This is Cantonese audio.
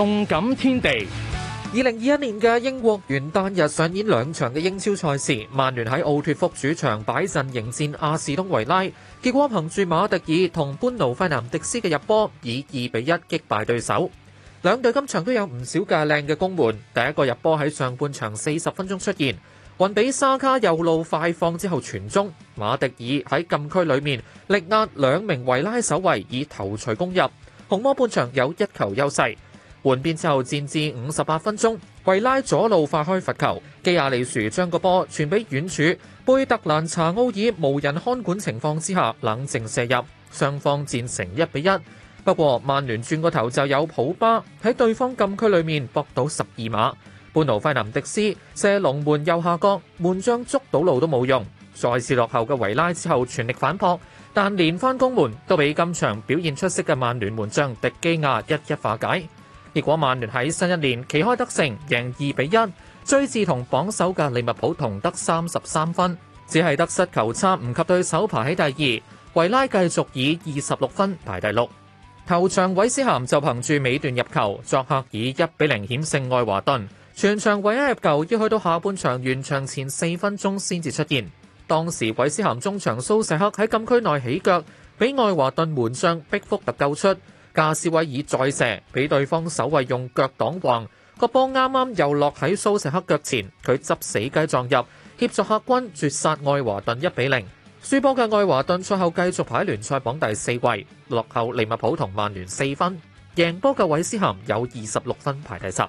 動感天地，二零二一年嘅英國元旦日上演兩場嘅英超賽事。曼聯喺奧脫福主場擺陣迎戰阿士東維拉，結果憑住馬迪爾同班奴費南迪斯嘅入波，以二比一擊敗對手。兩隊今場都有唔少嘅靚嘅攻門。第一個入波喺上半場四十分鐘出現，雲比沙卡右路快放之後傳中，馬迪爾喺禁區裏面力壓兩名維拉守衛以頭錘攻入，紅魔半場有一球優勢。換邊之後戰至五十八分鐘，維拉左路發開罰球，基亞利殊將個波傳俾遠處貝特蘭查奧爾，無人看管情況之下，冷靜射入，雙方戰成一比一。不過曼聯轉個頭就有普巴喺對方禁區裏面搏到十二碼，般奴費南迪斯射龍門右下角，門將捉到路都冇用，再次落後嘅維拉之後全力反撲，但連番攻門都俾今場表現出色嘅曼聯門將迪基亞一一化解。結果曼聯喺新一年旗開得勝，贏二比一，追至同榜首嘅利物浦同得三十三分，只係得失球差唔及對手排喺第二。維拉繼續以二十六分排第六。球場韋斯咸就憑住尾段入球，作客以一比零險勝愛華頓。全場唯一入球要去到下半場完場前四分鐘先至出現，當時韋斯咸中場蘇錫克喺禁區內起腳，俾愛華頓門將畢福特救出。加斯威爾再射，俾對方守衛用腳擋黃，個波啱啱又落喺蘇錫克腳前，佢執死雞撞入，協助客軍絕殺愛華頓一比零。輸波嘅愛華頓賽後繼續排喺聯賽榜第四位，落後利物浦同曼聯四分。贏波嘅韋斯咸有二十六分排第十。